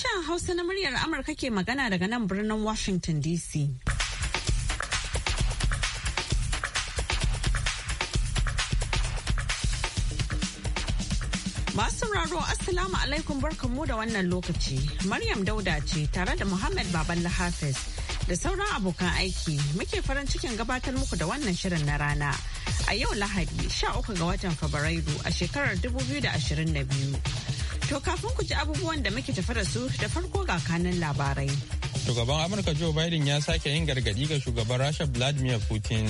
Sashen Hausa na muryar Amurka ke magana daga nan birnin Washington DC. Masu raro Assalamu alaikum barkanmu da wannan lokaci. Maryam Dauda ce tare da Muhammad Baban Hafiz da sauran abokan aiki muke farin cikin gabatar muku da wannan shirin na rana. A yau Lahadi 13 ga watan Fabrairu a shekarar 2022. To kafin ku ji abubuwan da muke tafa da su da farko ga kanin labarai. Shugaban Amurka Joe Biden ya sake yin gargadi ga shugaban Rasha Vladimir Putin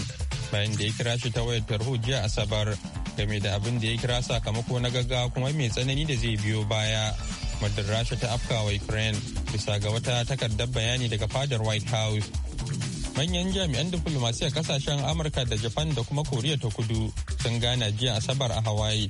bayan da ya kira shi ta wayar tarho jiya Asabar game da abin da ya kira sakamako na gaggawa kuma mai tsanani da zai biyo baya. Muddin Rasha ta afkawa Ukraine bisa ga wata takardar bayani daga fadar White House. manyan jami'an diflomasiyya kasashen amurka da japan da kuma koriya ta kudu sun gana jiya asabar a hawaii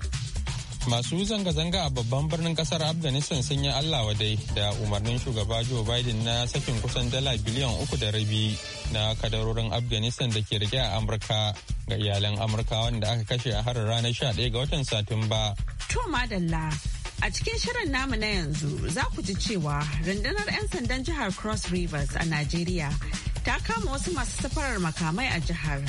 masu zanga-zanga a babban birnin kasar afghanistan sun yi allah wadai da umarnin shugaba joe biden na sakin kusan dala biliyan uku da rabi na kadarorin afghanistan da ke rike a amurka ga iyalan amurka wanda aka kashe a harin ranar sha ɗaya ga watan satumba to madalla A cikin shirin namu na yanzu za ku ji cewa rundunar 'yan sandan jihar Cross Rivers a Najeriya ta kama wasu masu safarar makamai a jihar.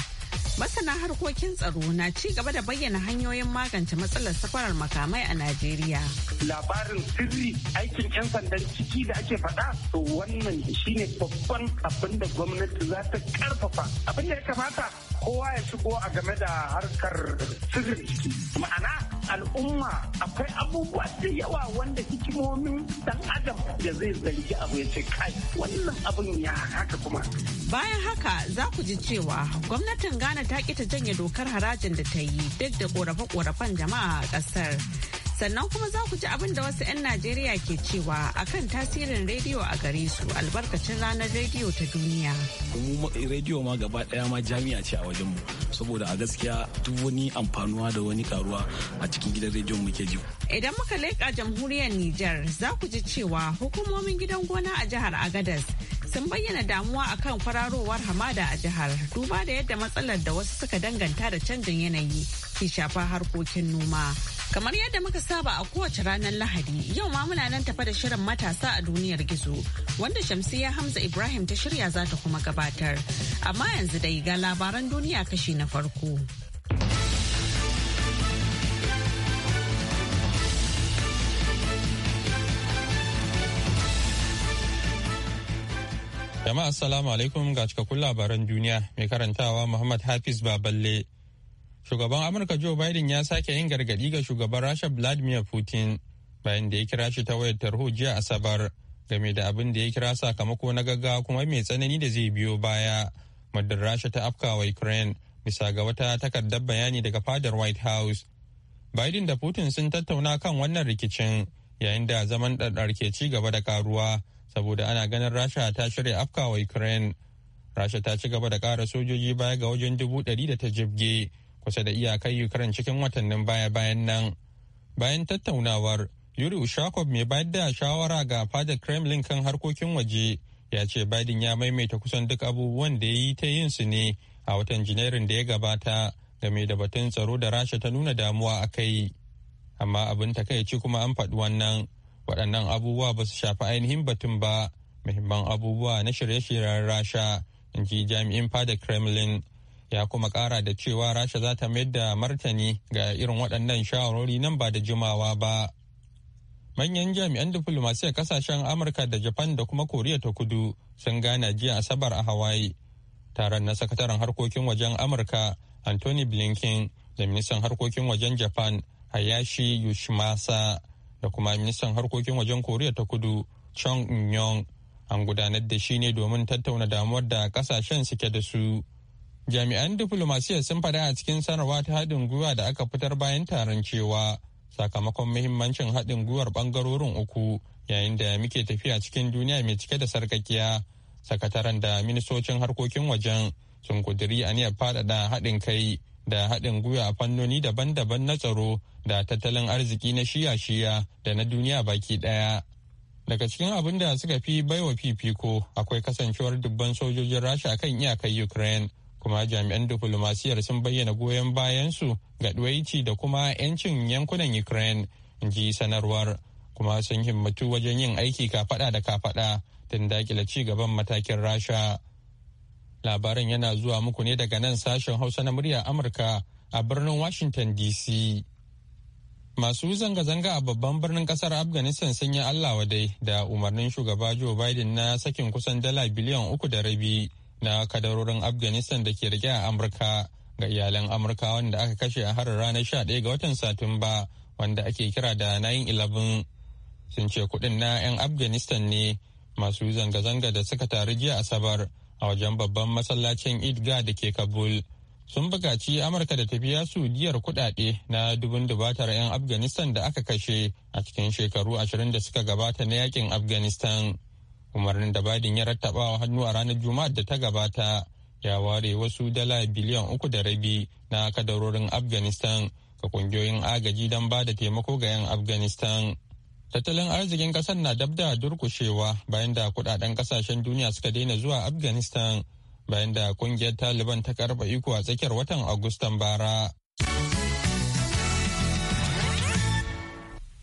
Masana harkokin tsaro na ci gaba da bayyana hanyoyin magance matsalar safarar makamai a Najeriya. Labarin sirri aikin 'yan sandan ciki da ake faɗa to wannan shine babban abin da gwamnati za ta karfafa abin da ya kamata kowa ya shigo a game da harkar sirri ma'ana al'umma akwai abubuwa da yawa wanda hikimomin dan adam da zai zargi abu ya ce kai wannan abin ya haka kuma bayan haka za ku ji cewa gwamnatin ghana ta ƙi ta janye dokar harajin da ta yi duk da ƙorafe-ƙorafen jama'a a ƙasar sannan kuma za ku ji abin da wasu 'yan Najeriya ke cewa akan tasirin rediyo a gare su albarkacin ranar rediyo ta duniya. Mu rediyo ma gaba ɗaya ma jami'a ce a wajenmu saboda a gaskiya duk wani amfanuwa da wani karuwa a cikin gidan rediyon muke ji. Idan muka leƙa jamhuriyar Nijar za ku ji cewa hukumomin gidan gona a jihar Agadez sun bayyana damuwa akan kwararowar hamada a jihar duba da yadda matsalar da wasu suka danganta da canjin yanayi ke shafa harkokin noma. Kamar yadda muka saba a kowace ranar Lahadi, yau ma muna nan tafa da shirin matasa a duniyar gizo, wanda Shamsiya Hamza Ibrahim ta shirya za ta kuma gabatar. Amma yanzu dai ga labaran duniya kashi na farko. Jama'a assalamu alaikum ga cikakkun labaran duniya mai karantawa Muhammad Hafiz Baballe. Shugaban Amurka Joe Biden ya sake yin gargaɗi ga shugaban Rasha Vladimir Putin bayan da ya kira shi ta wayar tarho jiya Asabar game da abin da ya kira sakamako na gaggawa kuma mai tsanani da zai biyo baya. Muddin Rasha ta afkawa Ukraine bisa ga wata takardar bayani daga fadar White House. Biden da Putin sun tattauna kan wannan rikicin yayin da zaman ɗarɗar ke ci gaba da karuwa saboda ana ganin Rasha ta shirya afkawa Ukraine. Rasha ta ci gaba da ƙara sojoji baya ga wajen dubu ɗari da ta jibge kusa da iyakar Ukraine cikin watannin baya-bayan nan. Bayan tattaunawar, Yuri Ushakov mai bayar da shawara ga fadar Kremlin kan harkokin waje ya ce Biden ya maimaita kusan duk abubuwan da ya yi ta yin su ne a watan Janairun da ya gabata game da batun tsaro da Rasha ta nuna damuwa a kai. Amma abin takaici kuma an faɗi wannan waɗannan abubuwa ba su shafi ainihin batun ba muhimman abubuwa na shirye-shiryen Rasha in ji jami'in fadar Kremlin. ya kuma kara da cewa rasha za ta mayar da martani ga irin waɗannan shawarwari nan ba da jimawa ba manyan jami'an diflomasiyar kasashen amurka da japan da kuma koriya ta kudu sun gana jiya asabar a hawaii taron na sakataren harkokin wajen amurka anthony blinken da ministan harkokin wajen japan hayashi yoshimasa da kuma ministan harkokin wajen koriya ta kudu chong yong an gudanar da shi ne domin tattauna damuwar da kasashen suke da su jami'an diflomasiyya sun faɗa a cikin sanarwa ta haɗin gwiwa da aka fitar bayan taron cewa sakamakon muhimmancin haɗin gwiwar ɓangarorin uku yayin da muke tafiya cikin duniya mai cike da sarkakiya sakataren da ministocin harkokin wajen sun kuduri aniyar faɗaɗa haɗin kai da haɗin gwiwa a fannoni daban-daban na tsaro da tattalin arziki na shiya-shiya da na duniya baki ɗaya. Daga cikin abin da suka fi baiwa fifiko akwai kasancewar dubban sojojin Rasha akan iyakar Ukraine kuma jami'an diflomasiyar sun bayyana goyon bayansu ga ɗwaici da kuma 'yancin yankunan ukraine in ji sanarwar kuma sun himmatu wajen yin aiki kafaɗa da kafaɗa don dakile ci gaban matakin rasha Labarin yana zuwa muku ne daga nan sashen hausa na murya amurka a birnin washington dc masu zanga-zanga a babban birnin kasar afghanistan sun yi allah wadai da umarnin shugaba joe biden na sakin kusan dala biliyan uku da rabi na kadarorin afghanistan da ke rike a amurka ga iyalan amurka wanda aka kashe a harin ranar 11 ga watan satumba wanda ake kira da 9-11 sun ce kudin na 'yan afghanistan ne masu zanga-zanga da suka taru jiya asabar a wajen babban masallacin idga da ke kabul sun bukaci amurka da tafiya su diyar kudade na dubun dubatar 'yan afghanistan da aka kashe a cikin shekaru ashirin da suka gabata na yakin afghanistan umarnin da biden ya rattabawa hannu a ranar juma'ar da ta gabata ya ware wasu dala biliyan uku da rabi na kadarorin afghanistan ga kungiyoyin agaji don ba da taimako ga 'yan afghanistan tattalin arzikin kasar na dab da durkushewa bayan da kudaden kasashen duniya suka daina zuwa afghanistan bayan da kungiyar taliban ta karba iko a tsakiyar watan agustan bara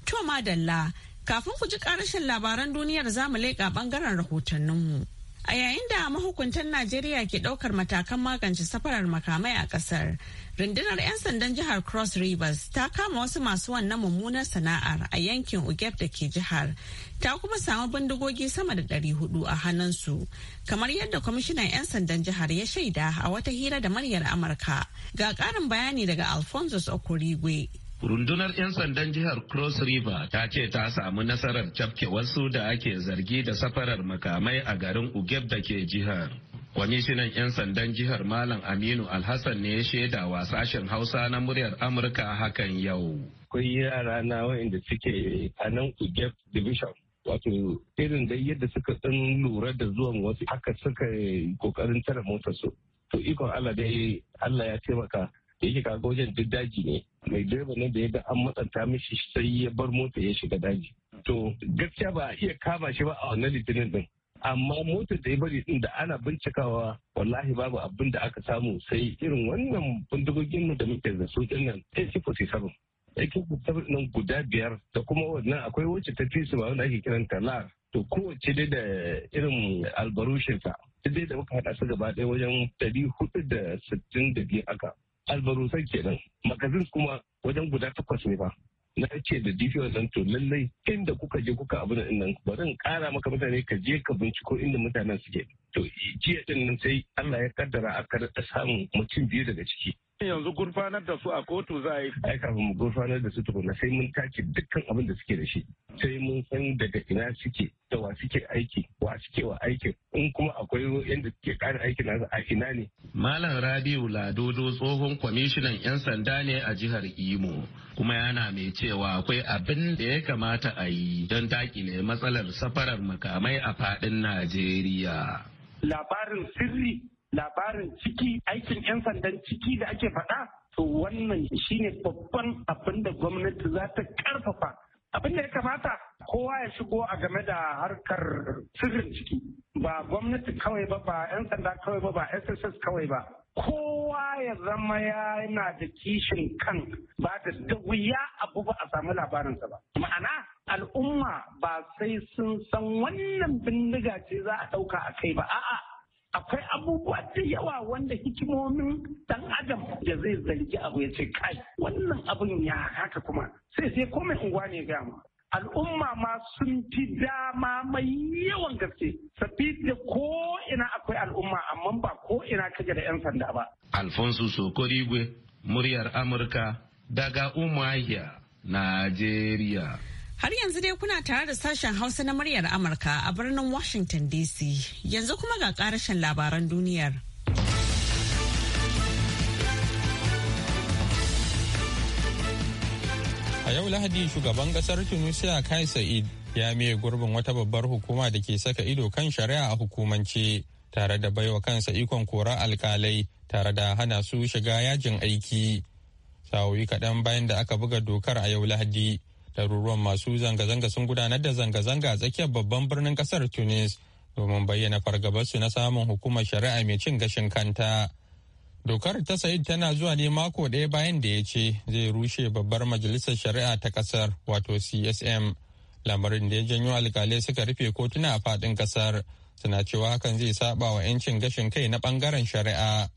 to madalla Kafin ku ji karashin labaran duniyar za zamu leƙa ɓangaren rahotanninmu. A yayin da mahukuntan Najeriya ke ɗaukar matakan magance safarar makamai a ƙasar, rundunar 'yan sandan jihar Cross Rivers ta kama wasu masu wannan mummunar sana'ar a yankin Ugep da ke jihar, ta kuma samu bindigogi sama da 400 a hannunsu, kamar yadda kwamishinan 'yan sandan jihar ya shaida a wata hira da maryar Amurka. Ga ƙarin bayani daga Alphonsus Okorigwe. Rundunar 'yan sandan jihar Cross River ta ce ta samu nasarar cafke wasu da ake zargi da safarar makamai a garin Ugeb da ke jihar. Kwamishinan 'yan sandan jihar Malam Aminu Alhassan ne ya shaida wa sashen Hausa na muryar Amurka hakan yau. Akwai yara na wa'inda suke a nan Ugeb Division. wato irin da yadda suka ɗan lura da zuwan wasu haka suka kokarin tara motar su to ikon Allah dai Allah ya taimaka ya shiga wajen duk daji ne mai direba nan da ya ga an matsanta mishi sai ya bar mota ya shiga daji to gaskiya ba a iya kama shi ba a wannan litinin din amma mota da ya bari din da ana bincikawa wallahi babu abin da aka samu sai irin wannan bindigogin da muke da su din nan AK47 nan guda biyar da kuma wannan akwai wacce ta fi su ba wanda ake kiran talar to kowace dai da irin albarushinsa dai da muka haɗa su gaba ɗaya wajen ɗari hudu da albarusai nan magazin kuma wajen guda takwas ne ba na ce da dp zan to lallai inda kuka je kuka abin nan bari in kara maka mutane ka je ka binciko inda mutanen suke to jiya din nan sai Allah ya kaddara aka samu samun mutum biyu daga ciki yanzu gurfanar da su a kotu za a yi ai kafin mu gurfanar da su tukuna sai mun tace dukkan abin da suke da shi sai mun san daga ina suke da wa suke aiki wa suke wa aikin in kuma akwai yadda suke kara aiki nasu a ina ne malam rabiu ladodo tsohon kwamishinan yan sanda ne a jihar imo kuma yana mai cewa akwai abin da ya kamata a yi don dakile matsalar safarar makamai a fadin najeriya labarin sirri labarin ciki aikin 'yan sandan ciki da ake faɗa to wannan shine babban abin da gwamnati za ta karfafa abin da ya kamata kowa ya shigo a game da harkar sirrin ciki ba gwamnati kawai ba ba 'yan sanda kawai ba ba sss kawai ba kowa ya zama yana da kishin kan ba da da wuya abu ba a samu labarinsa ba ma'ana al'umma ba sai sun san wannan bindiga ce za a ɗauka a kai ba a'a akwai abubuwa da yawa wanda hikimomin dan adam da zai zargi abu ya ce kai wannan abin ya haka kuma sai sai komai unguwa ne ga mu. al'umma ma sun fi dama mai yawan gaske sabida ko ina akwai al'umma amma ba ko ina kaje da 'yan sanda ba alfonso sokorigwe muryar amurka daga Umahiya, najeriya Har yanzu dai kuna tare da sashen Hausa na muryar Amurka a birnin Washington DC. Yanzu kuma ga karashen labaran duniyar. A yau Lahadi shugaban kasar Tunisia Kai Sa'id ya miye gurbin wata babbar hukuma da ke saka ido kan shari'a a hukumance tare da baiwa kansa ikon kora alkalai tare da hana su shiga yajin aiki. Sa'o'i kaɗan bayan da aka buga dokar a yau Lahadi. ɗaruruwan masu zanga-zanga sun gudanar da zanga-zanga a tsakiyar babban birnin ƙasar tunis domin bayyana fargabarsu na samun hukumar shari'a mai cin gashin kanta dokar ta sa'id tana zuwa ne mako ɗaya bayan da ya ce zai rushe babbar majalisar shari'a ta ƙasar wato csm lamarin da ya janyo alkalai suka rufe kotuna a faɗin ƙasar suna cewa hakan zai saba wa 'yancin gashin kai na ɓangaren shari'a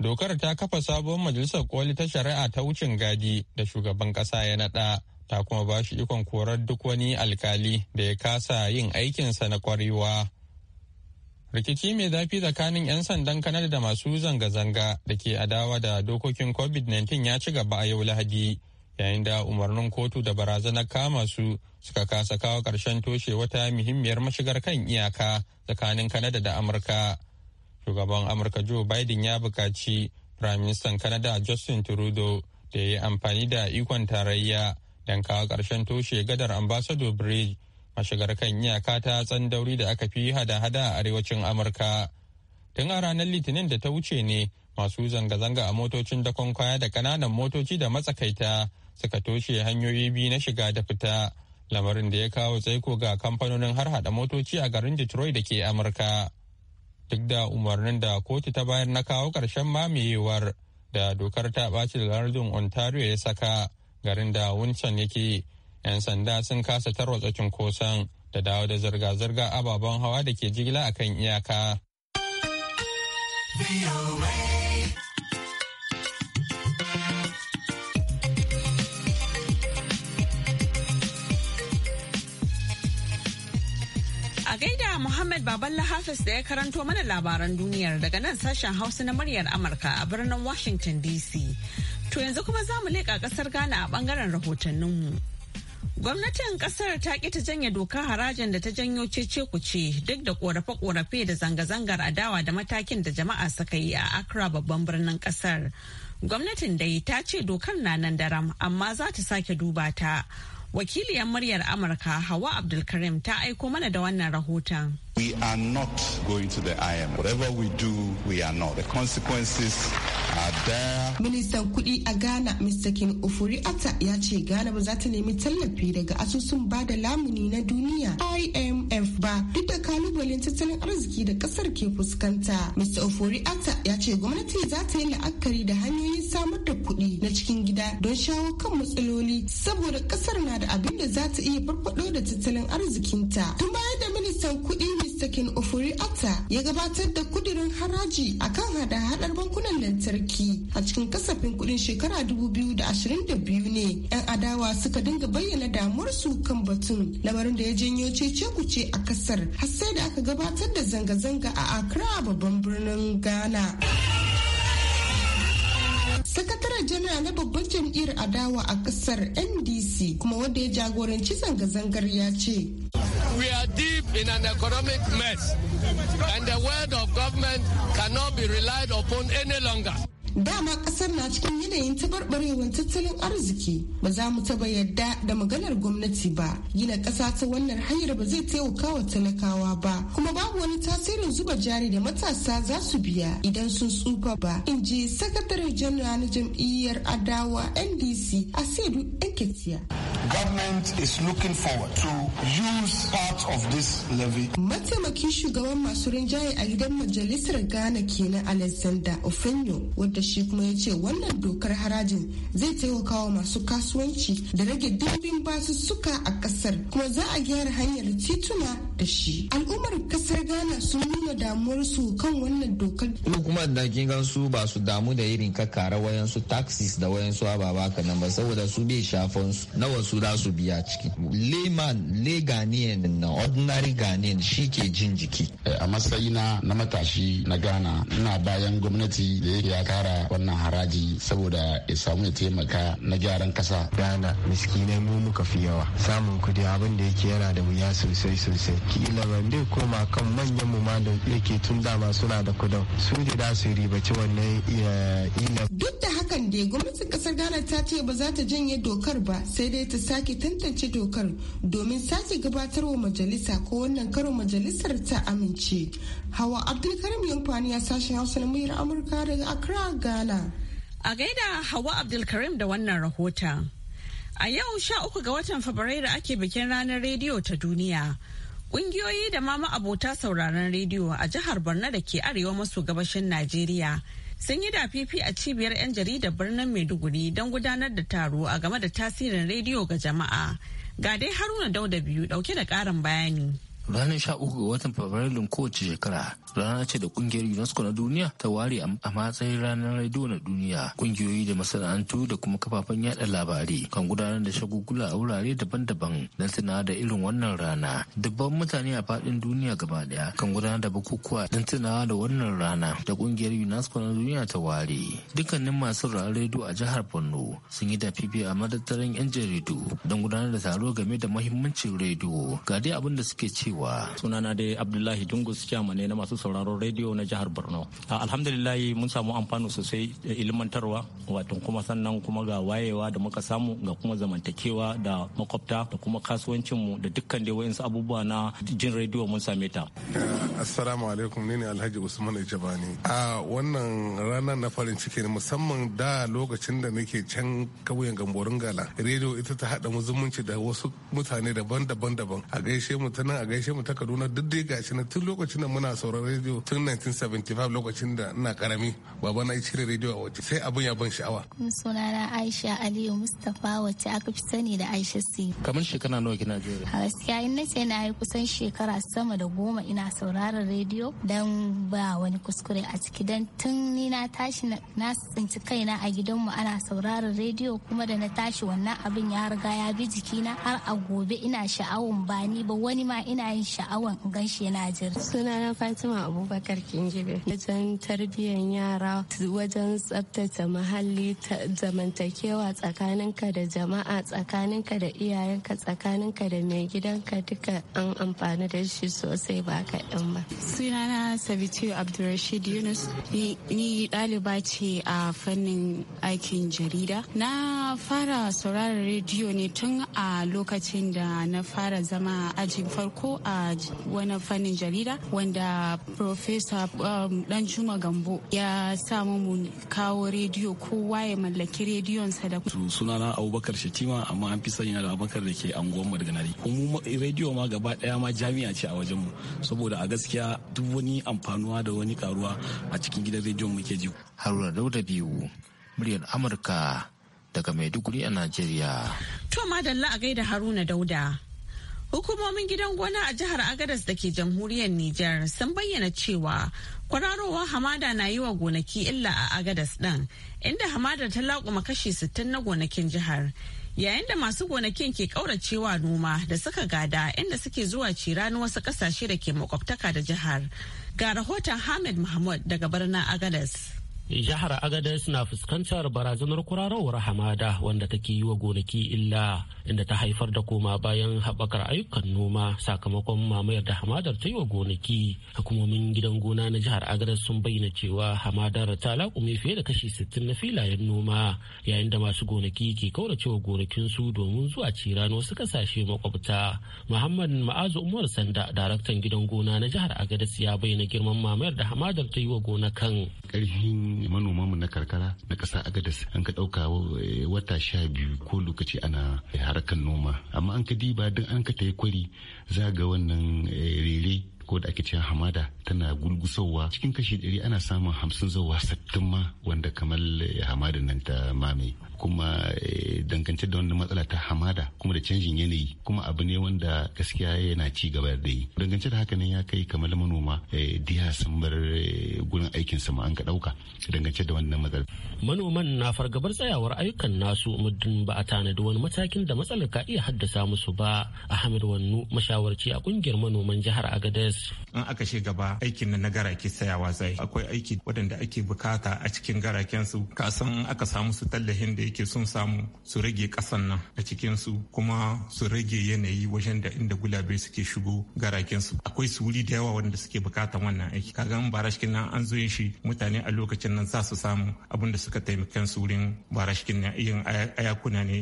dokar ta kafa sabuwar majalisar koli ta shari'a ta wucin gadi da shugaban ƙasa ya naɗa ta kuma ba shi ikon korar duk wani alkali da ya kasa yin aikinsa na kwarewa. Rikici mai zafi tsakanin 'yan sandan Kanada da masu zanga-zanga da ke adawa da dokokin COVID-19 ya ci gaba a yau Lahadi, yayin da umarnin kotu da barazanar kama su suka kasa kawo ƙarshen toshe wata muhimmiyar mashigar kan iyaka tsakanin Kanada da Amurka. Shugaban Amurka Joe Biden ya buƙaci Firaministan Kanada Justin Trudeau da ya yi amfani da ikon tarayya don kawo ƙarshen toshe gadar ambassador bridge mashigar kan iyaka ta tsandauri da aka fi hada-hada a arewacin amurka tun a ranar litinin da ta wuce ne masu zanga-zanga a motocin dakon kwaya da ƙananan motoci da matsakaita suka toshe hanyoyi biyu na shiga da fita lamarin da ya kawo tsaiko ga kamfanonin har hada motoci a garin detroit da ke amurka duk da umarnin da kotu ta bayar na kawo ƙarshen mamayewar da dokar ta ɓaci da lardin ontario ya saka garin da wuncan yake 'yan sanda sun kasa tarwatsa cunkoson da dawo da zirga-zirga ababen hawa da ke jigila a kan iyaka. A gaida Muhammad Baballa Hafiz da ya karanto mana labaran duniyar daga nan sashen Hausa na muryar Amurka a birnin Washington DC. To yanzu kuma za mu leƙa ƙasar Ghana a ɓangaren rahotanninmu. Gwamnatin ƙasar ta ƙi ta janye doka harajin da ta janyo cece kuce duk da ƙorafe-ƙorafe da zanga-zangar adawa da matakin da jama'a suka yi a Accra babban birnin ƙasar. Gwamnatin dai ta ce dokar na nan daram amma za ta sake duba ta. Wakiliyar muryar Amurka Hawa Abdulkarim ta aiko mana da wannan rahoton. We are not going to the IMF. Whatever we do, we are not. The consequences are there. Ministan kuɗi a Ghana, Mr. King Ofori Atta ya ce Ghana ba za ta nemi tallafi daga asusun bada da lamuni na duniya IMF ba duk da kalubalen tattalin arziki da kasar ke fuskanta. Mr. Ofori Atta ya ce gwamnati za ta yi la'akari da hanyoyin samar da kuɗi na cikin gida don shawo kan matsaloli saboda kasar na da abin da za ta iya farfaɗo da tattalin arzikinta. Tun bayan da ministan kuɗi sakin Ofori Atta ya gabatar da kudirin haraji a kan hada-hadar bankunan lantarki a cikin kasafin kudin shekara 2022 ne 'yan adawa suka dinga bayyana damuwarsu kan batun lamarin da ya janyo cece kuce a kasar har sai da aka gabatar da zanga-zanga a Accra babban birnin Ghana. sakataren janar na babban jam'iyyar adawa a kasar ndc kuma wanda ya jagoranci zanga-zangar ya ce We are deep in an economic mess, and the word of government cannot be relied upon any longer. dama kasar na cikin yanayin tabarbarewar tattalin arziki ba za mu taba yarda da maganar gwamnati ba gina ƙasa ta wannan hanyar ba zai taimaka wa talakawa ba kuma babu wani tasirin zuba jari da matasa za su biya idan sun tsufa ba in ji sakataren janar na jam'iyyar adawa ndc a sedu Government is looking forward to use part of this levy. Mataimakin shugaban masu rinjaye a gidan majalisar Ghana kenan Alexander Ofenyo da shi kuma ya ce wannan dokar harajin zai taimaka wa masu kasuwanci da rage dimbin basussuka a kasar kuma za a gyara hanyar tituna da shi al'ummar kasar ghana sun nuna damuwarsu kan wannan dokar kuma da kin gan su ba su damu da irin kakkara wayansu taxis da wayansu ababa kanan ba saboda su bai shafan su na wasu za su biya ciki leman le ganiyan na ordinary ganiyan shi ke jin jiki eh, a matsayina na matashi na ghana ina bayan gwamnati da ya kara fara wannan haraji saboda ya samu ya taimaka na gyaran kasa. Ghana miskinai mu muka fi yawa samun kudi abin da yake yana da wuya sosai sosai kila ban dai koma kan manyan mu ma da yake tun dama suna da kudin su ne da su ribaci wannan ila. Duk da hakan dai gwamnatin kasar Ghana ta ce ba za ta janye dokar ba sai dai ta sake tantance dokar domin sake gabatar wa majalisa ko wannan karo majalisar ta amince. Hawa Abdulkarim Yankwani ya sashen Hausa na muryar Amurka daga Accra, Ghana. A gaida Hawa Abdulkarim da wannan rahoton. A yau sha uku ga watan Fabrairu ake bikin ranar rediyo ta duniya. Ƙungiyoyi da ma ma'abota sauraron rediyo a jihar Borno da ke arewa maso gabashin Najeriya sun yi dafifi a cibiyar 'yan jarida birnin Maiduguri don gudanar da taro a game da tasirin rediyo ga jama'a. Ga dai Haruna Dauda biyu dauke da ƙarin bayani. ranar sha uku ga watan fabrairun kowace shekara rana ce da kungiyar unesco na duniya ta ware a matsayin ranar rediyo na duniya kungiyoyi da masana'antu da kuma kafafen yada labarai kan gudanar da shagugula a wurare daban-daban don tuna da irin wannan rana dubban mutane a faɗin duniya gaba daya kan gudanar da bukukuwa don tunawa da wannan rana da kungiyar unesco na duniya ta ware dukkanin masu ranar rediyo a jihar borno sun yi da fifi a madadarin yan jaridu don gudanar da taro game da mahimmancin rediyo ga dai abin da suke cewa Yawwa. Sunana dai Abdullahi Dungus ne na masu sauraron rediyo na jihar Borno. Alhamdulillah mun samu amfani sosai da ilmantarwa wato kuma sannan kuma ga wayewa da muka samu ga kuma zamantakewa da makwabta da kuma kasuwancin mu da dukkan dai wayansu abubuwa na jin rediyo mun same ta. Assalamu alaikum ni ne Alhaji Usman Ijabani. A wannan ranar na farin ciki ne musamman da lokacin da nake can kauyen Gamborin Gala. Rediyo ita ta haɗa mu zumunci da wasu mutane daban-daban daban. A gaishe mu ta nan a gaishe karshe mu ta Kaduna duk dai gashi na tun lokacin da muna sauraron rediyo tun 1975 lokacin da ina karami baba na cire rediyo a waje sai abin ya ban sha'awa. Sunana Aisha Aliyu Mustapha wacce aka fi sani da Aisha C. Kamar shekara nawa kina jere? A gaskiya in na ce na yi kusan shekara sama da goma ina sauraron rediyo dan ba wani kuskure a ciki dan tun ni na tashi na tsinci kaina a gidanmu ana sauraron rediyo kuma da na tashi wannan abin ya riga ya bi jikina har a gobe ina sha'awun ba ni ba wani ma ina ban sha'awan gan shi yana Sunana Fatima Abubakar Kingibe. Wajen tarbiyyar yara, wajen tsabtace muhalli, zamantakewa tsakaninka da jama'a, tsakaninka da iyayenka, tsakaninka da mai gidanka duka an amfani da shi sosai ba kaɗan ba. suna na Sabitu Abdulrashid Yunus, ni ɗaliba ce a fannin aikin jarida. Na fara sauraron rediyo ne tun a lokacin da na fara zama ajin farko a wani fannin jarida wanda Profesa um, Danjuma Gambo ya samu mu kawo rediyo kowa ya mallaki rediyonsa da suna na Abubakar Shatima amma an fi sani da Abubakar da ke anguwan daga Kuma rediyo ma gaba daya ma jami'a ce a wajen mu saboda a gaskiya duk wani amfanuwa da wani karuwa a cikin gidan rediyon muke ji. Haruna Dauda biyu muryar Amurka daga Maiduguri a Najeriya. To madalla a gaida Haruna Dauda. Hukumomin gidan gona a jihar Agadas da ke jamhuriyar Nijar sun bayyana cewa kwararowar hamada na yi wa gonaki illa a Agadas ɗin, inda hamada ta laƙuma kashi 60 na gonakin jihar. yayin da masu gonakin ke ƙauracewa noma da suka gada inda suke zuwa cira na wasu ƙasashe da ke makwabtaka da jihar ga rahoton hamid mahmud daga birnin agadas Jihar Agadez na fuskantar barazanar kurarowar hamada wanda take yi wa gonaki illa inda ta haifar da koma bayan haɓakar ayyukan noma sakamakon mamayar da hamadar ta yi wa gonaki. Hukumomin gidan gona na jihar Agadez sun bayyana cewa hamadar ta laƙume fiye da kashi sittin na filayen noma yayin da masu gonaki ke kauracewa gonakinsu domin zuwa cirano wasu kasashe makwabta. Muhammad Ma'azu Umar Sanda, daraktan gidan gona na jihar Agadez ya bayyana girman mamayar da hamadar ta yi wa gonakan. Ƙarfin manoma mu na karkara na ƙasa agadas an ka ɗauka eh, wata sha biyu ko lokaci ana eh, harkar noma amma an ka diba dan an ka tayi kwari za ga wannan eh, rere ko da ake cewa hamada tana gulgusowa cikin kashi ɗari ana samun hamsin zuwa sattin ma wanda kamar eh, hamada nan ta mame kuma eh, dangance da wani matsala ta hamada kuma da canjin yanayi kuma abu ne wanda gaskiya yana ci gaba da yi dangance da haka nan ya kai kamar manoma eh, diya sun bar gurin aikin sama an ka dauka dangance da wannan matsala. manoman na fargabar tsayawar ayyukan nasu muddin ba a tanadi wani matakin da matsalar ka iya haddasa musu ba ahmed wannu mashawarci a kungiyar manoman jihar agadez su in aka shi gaba aikin na garake sayawa zai akwai aiki waɗanda ake bukata a cikin garakensu su kasan aka samu su tallafin da yake sun samu su rage kasan nan a cikin su kuma su rage yanayi wajen da inda gulabe suke shigo garaken su akwai su wuri da yawa wadanda suke bukatan wannan aiki in barashkin nan an zo yin shi mutane a lokacin nan za su samu abin da suka taimakan su wurin barashkin nan yin ayakuna ne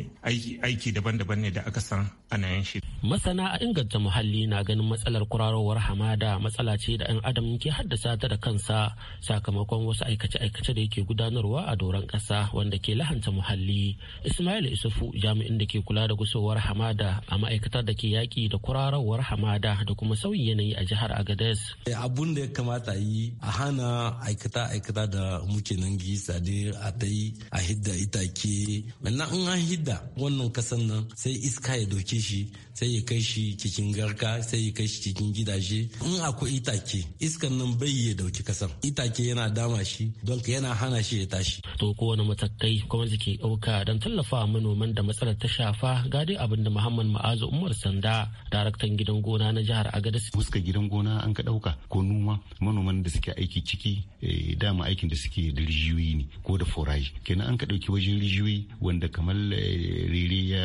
aiki daban-daban ne da aka san ana yin shi masana a inganta muhalli na ganin matsalar kurarowar hama kama da matsala ce da 'yan adam ke haddasa ta da kansa sakamakon wasu aikace-aikace da yake gudanarwa a doron kasa wanda ke lahanta muhalli ismail isufu jami'in da ke kula da gusowar hamada a ma'aikatar da ke yaƙi da kurarawar hamada da kuma sauyin yanayi a jihar agadez abun da ya kamata yi a hana aikata-aikata da muke nan gisa ne a ta yi a hidda itake wannan in an hidda wannan kasan nan sai iska ya doke shi sai ya kai shi cikin garka sai ya kai shi cikin gidaje in akwai itake iskan nan bai ya dauki kasan itake yana dama shi don ka yana hana shi ya tashi to kowane matakai kuma suke dauka don tallafa manoman da matsalar ta shafa gadi abin da muhammad ma'azu umar sanda daraktan gidan gona na jihar agadas fuska gidan gona an ka dauka ko noma manoman da suke aiki ciki eh, dama aikin da suke da rijiyoyi ne ko da foraji kenan an ka dauki wajen rijiyoyi wanda kamar eh, rere ya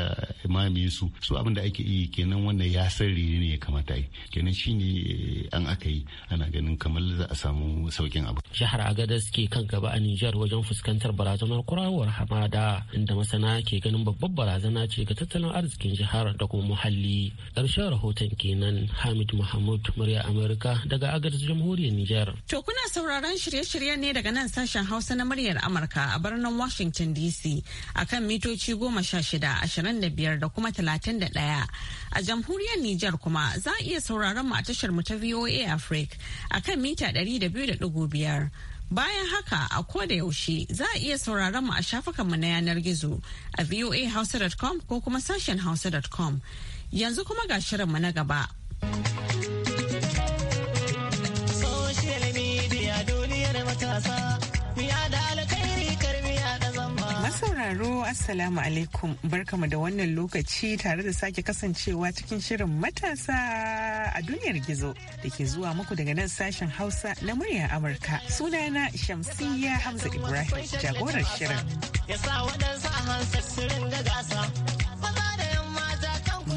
mamaye su su abin da ake iya yi kenan wannan ya san rene ne ya kamata yi kenan shine eh, an aka yi ana ganin kamar za a samu saukin abu jihar agadas ke kan gaba a Nijar wajen fuskantar barazanar kurawar hamada inda masana ke ganin babbar barazana ce ga tattalin arzikin jihar da kuma muhalli ƙarshen rahoton kenan Hamid Mahmud murya Amurka daga agadas jamhuriyar Nijar to kuna sauraron shirye-shiryen ne daga nan sashen Hausa na muryar Amurka a birnin Washington DC akan mitoci goma sha shida ashirin da biyar da kuma talatin da ɗaya A jamhuriyar Nijar kuma za a iya sauraron mu a tashar mu ta VOA Africa a kan mita 200.5. Bayan haka a koda yaushe za a iya sauraron mu a shafukan mu na yanar gizo a voahausa.com ko kuma sashen hausa.com. Yanzu kuma ga shirin mu na gaba. sauraro Assalamu alaikum barkamu da wannan lokaci tare da sake kasancewa cikin shirin matasa a duniyar gizo da ke zuwa muku daga nan sashen Hausa na muryar Amurka. Sunana Shamsiyya Hamza Ibrahim jagorar shirin. waɗansu a hansar gasa.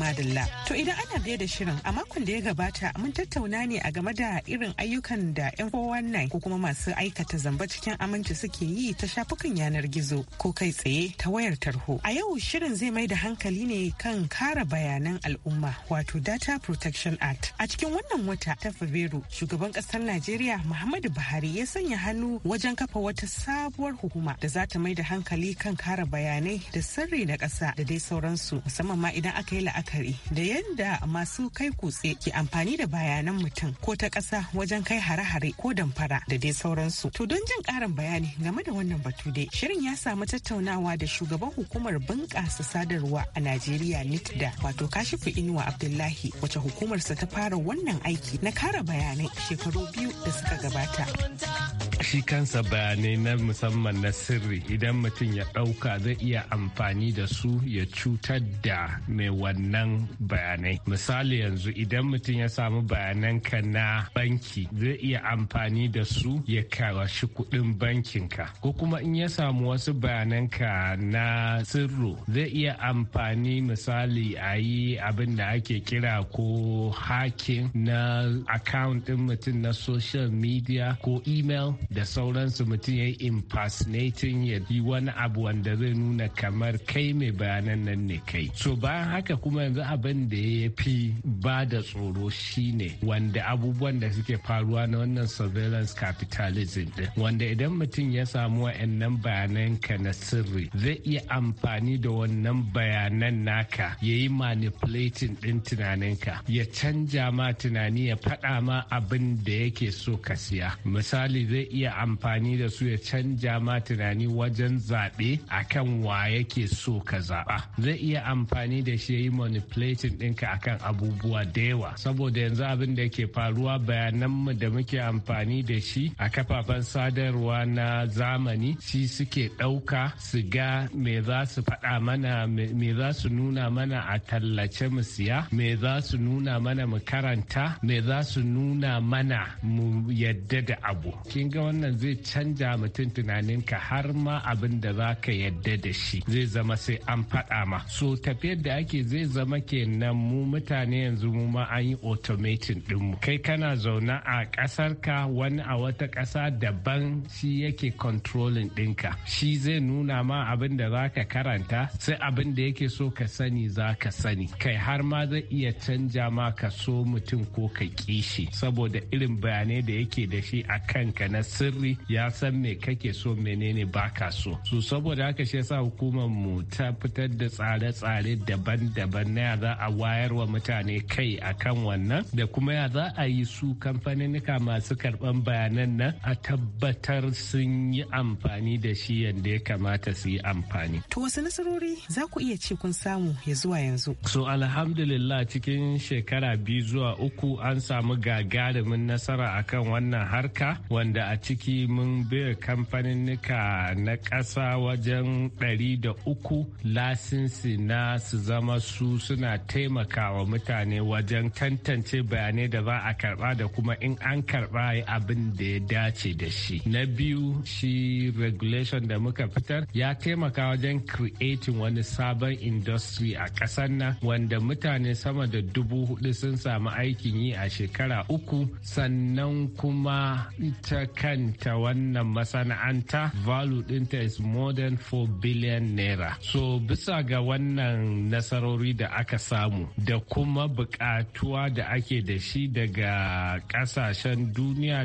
madalla. To idan ana biye da shirin a makon da ya gabata mun tattauna ne a game da irin ayyukan da 'yan kowannan ko kuma masu aikata zamba cikin aminci suke yi ta shafukan yanar gizo ko kai tsaye ta wayar tarho. A yau shirin zai mai da hankali ne kan kara bayanan al'umma wato Data Protection Act. A cikin wannan wata ta Fabrairu shugaban kasar Najeriya Muhammadu Buhari ya sanya hannu wajen kafa wata sabuwar hukuma da za ta mai da hankali kan kara bayanai da sirri na ƙasa da dai sauransu musamman ma idan aka yi la'akari la'akari da yadda masu kai kutse ke amfani da bayanan mutum ko ta ƙasa wajen kai hare-hare ko damfara da dai sauransu. To don jin ƙarin bayani game da wannan batu dai shirin ya samu tattaunawa da shugaban hukumar bunƙasa sadarwa a Najeriya NITDA wato kashifu Inuwa Abdullahi wace hukumarsa ta fara wannan aiki na kare bayanai shekaru biyu da suka gabata. shi kansa bayanai na musamman na sirri idan mutum ya ɗauka zai iya amfani da su ya cutar da mai wannan bayanai misali yanzu idan mutum ya samu bayananka na banki zai iya amfani da su ya shi kuɗin bankinka ko kuma in ya samu wasu bayananka na sirru zai iya amfani misali a yi abin da ake kira ko hakin na account ɗin mutum na social media ko email da sauransu mutum ya yi impersonating ya yi wani abu wanda zai nuna kamar kai mai bayanan nan ne kai so bayan haka kuma yanzu abin da ya fi ba da tsoro shine wanda abubuwan da suke faruwa na wannan surveillance capitalism din wanda idan mutum ya samu wa'annan bayanan ka na sirri zai iya amfani da wannan bayanan naka ya yi manipulating din tunaninka ya canja ma tunani ya faɗa ma abin da yake so ka siya misali zai iya iya amfani da su ya canja ma tunani wajen zaɓe a kan wa yake so ka zaɓa zai iya amfani da shi ya yi manipulating ɗinka kan abubuwa da yawa saboda yanzu abin da ke faruwa bayananmu da muke amfani da shi a kafafen sadarwa na zamani shi suke ɗauka su ga me za su faɗa mana me za su nuna mana a tallace mu siya me za su nuna mana mu karanta me za su nuna mana mu yadda da abu kin ga wannan zai canja mutum tunanin ka har ma abin da za ka yadda da shi zai zama sai an faɗa ma so tafiyar da ake zai zama kenan mu mutane yanzu mu ma an yi automating ɗinmu kai kana zaune a ƙasar ka wani a wata ƙasa daban shi yake controlling ɗinka shi zai nuna ma abin da za ka karanta sai abin da yake so ka sani za ka sani kai har ma zai iya canja ma ka so mutum ko ka ƙi saboda irin bayanai da yake da shi a kanka na sirri ya san me kake so menene baka so su saboda haka shi yasa hukumar mu ta fitar da tsare-tsare daban-daban na ya za a wayar wa mutane kai akan wannan da kuma ya za a yi su kamfaninika masu karban bayanan nan a tabbatar sun yi amfani da shi yadda ya kamata su yi amfani. To wasu nasarori za ku iya ce kun samu ya zuwa yanzu. So alhamdulillah cikin shekara biyu zuwa uku an samu gagarumin nasara akan wannan harka wanda a ciki mun biya kamfaninnika na ƙasa wajen ɗari da uku lasinsi na su zama su suna taimakawa mutane wajen tantance bayanai da za a karba da kuma in an karba abin da ya dace da shi. Na biyu shi regulation da muka fitar ya taimaka wajen creating wani sabon industry a ƙasar nan wanda mutane sama da dubu hudu sun samu aikin yi a shekara uku sannan kuma ita kanta wannan masana'anta value dinta is more than 4 billion naira so bisa ga wannan nasarori da aka samu da kuma bukatuwa da ake da shi daga kasashen duniya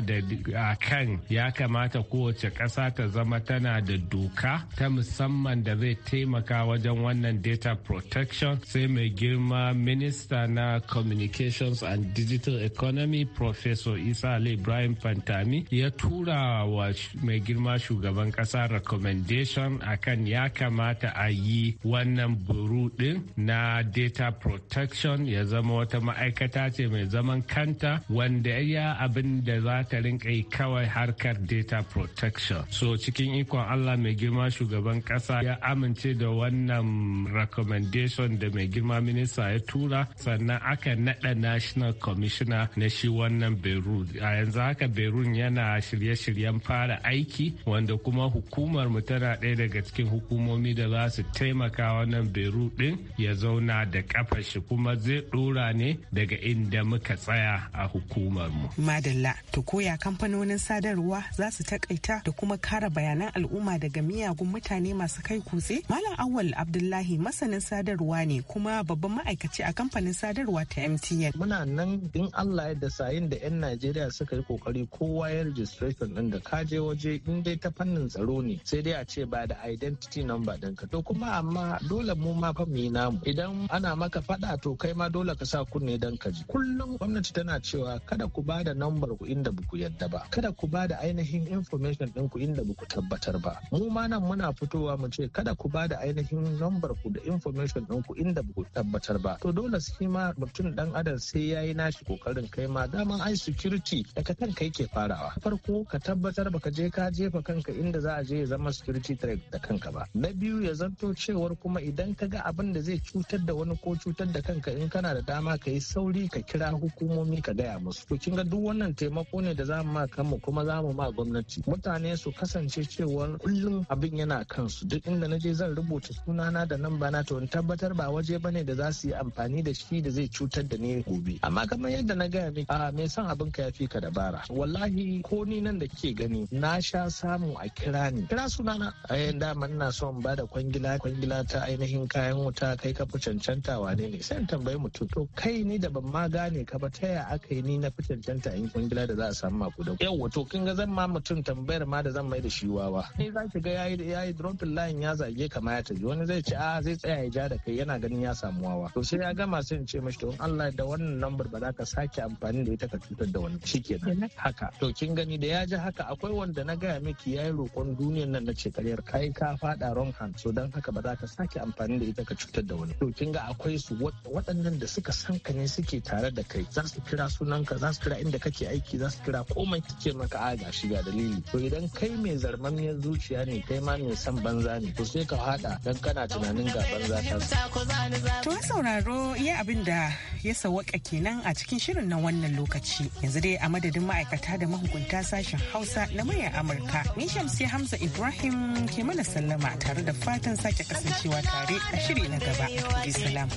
da kan ya kamata kowace ƙasa ta zama tana da doka ta musamman da zai taimaka wajen wannan data protection sai mai girma minista na communications and digital economy professor isa ali ibrahim fantami ya tura tura wa mai girma shugaban kasa recommendation akan ya kamata a yi wannan buru na data protection ya zama wata ma'aikata ce mai zaman kanta wanda ya abin da za ta rinka yi kawai harkar data protection so cikin ikon allah mai girma shugaban kasa ya amince da wannan recommendation da mai girma minista ya tura sannan aka naɗa national commissioner na shi wannan beirut a yanzu haka beirut yana shirya. shirye-shiryen fara aiki wanda kuma hukumar mu tana ɗaya daga cikin hukumomi da za su taimaka wannan beru ɗin ya zauna da kafar kuma zai ɗora ne daga inda muka tsaya a hukumar mu. Madalla to koya kamfanonin sadarwa za su takaita da kuma kara bayanan al'umma daga miyagun mutane masu kai kutse? Malam Awal Abdullahi masanin sadarwa ne kuma babban ma'aikaci a kamfanin sadarwa ta MTN. Muna nan in Allah ya da sayin da 'yan Najeriya suka yi kokari kowa ya rijistar system din da ka je waje in dai ta fannin tsaro ne sai dai a ce ba da identity number ɗinka to kuma amma dole mu ma fa mu namu idan ana maka faɗa to kai ma dole ka sa kunne dan ka ji kullum gwamnati tana cewa kada ku ba da number ku inda ba yadda ba kada ku ba da ainihin information ɗinku inda ba ku tabbatar ba mu ma nan muna fitowa mu ce kada ku ba da ainihin number ku da information ɗinku inda ba tabbatar ba to dole shi ma mutum dan adam sai yayi nashi kokarin kai ma daman ai security daga kan kai ke farawa farko ka tabbatar ka je ka jefa kanka inda za a je ya zama security threat da kanka ba na biyu ya zanto cewar kuma idan ka ga abin da zai cutar da wani ko cutar da kanka in kana da dama ka yi sauri ka kira hukumomi ka gaya musu to kin ga duk wannan taimako ne da za mu ma kanmu kuma za mu ma gwamnati mutane su kasance cewar kullum abin yana kansu duk inda na je zan rubuta sunana da nan bana to in tabbatar ba waje bane da za su yi amfani da shi da zai cutar da ni gobe amma kamar yadda na gaya miki a me son abin ka yafi ka dabara wallahi ko ni nan da kike gani na sha samu a kira ni kira sunana a yayin dama ina son ba da kwangila kwangila ta ainihin kayan wuta kai ka fi cancanta wane ne sai tambayi mutum to kai ni da ban ma gane ka ba ta ya aka yi ni na fi cancanta in kwangila da za a samu makudan yau to kin ga zan ma mutum tambayar ma da zan mai da shi wawa sai za ga yayi yayi dropping line ya zage kama ya taji. wani zai ce a zai tsaya ya ja da kai yana ganin ya samu wawa to sai ya gama sai in ce mashi to in Allah da wannan number ba za ka sake amfani da ita ka cutar da wani shikenan haka to kin gani da ya ji haka akwai wanda na gaya miki ya yi roƙon duniyan nan na ce karyar kai ka faɗa wrong hand so don haka ba za ka sake amfani da ita ka cutar da wani kin ga akwai su waɗannan da suka san ka ne suke tare da kai za su kira ka za su kira inda kake aiki za su kira komai kike maka a ga shi ga dalili to idan kai mai zarmamiyar zuciya ne kai ma mai san banza ne to sai ka haɗa dan kana tunanin ga banza ta to sauraro iya abin da ya sawaka kenan a cikin shirin na wannan lokaci. Yanzu dai a madadin ma'aikata da mahukunta sashen Hausa na maya Amurka. Ni Shamsi Hamza Ibrahim ke mana sallama tare da fatan sake kasancewa tare a shiri na gaba. Bisalam.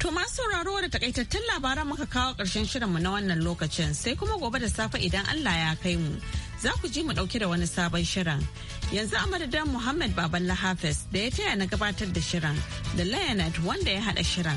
To masu sauraro da takaitattun labaran muka kawo ƙarshen shirinmu na wannan lokacin sai kuma gobe da safe idan Allah ya kai mu. Za ku ji mu ɗauke da wani sabon shirin. Yanzu a madadin Muhammad Baban Lahafes da ya taya na gabatar da shirin da lionel wanda ya hada shirin.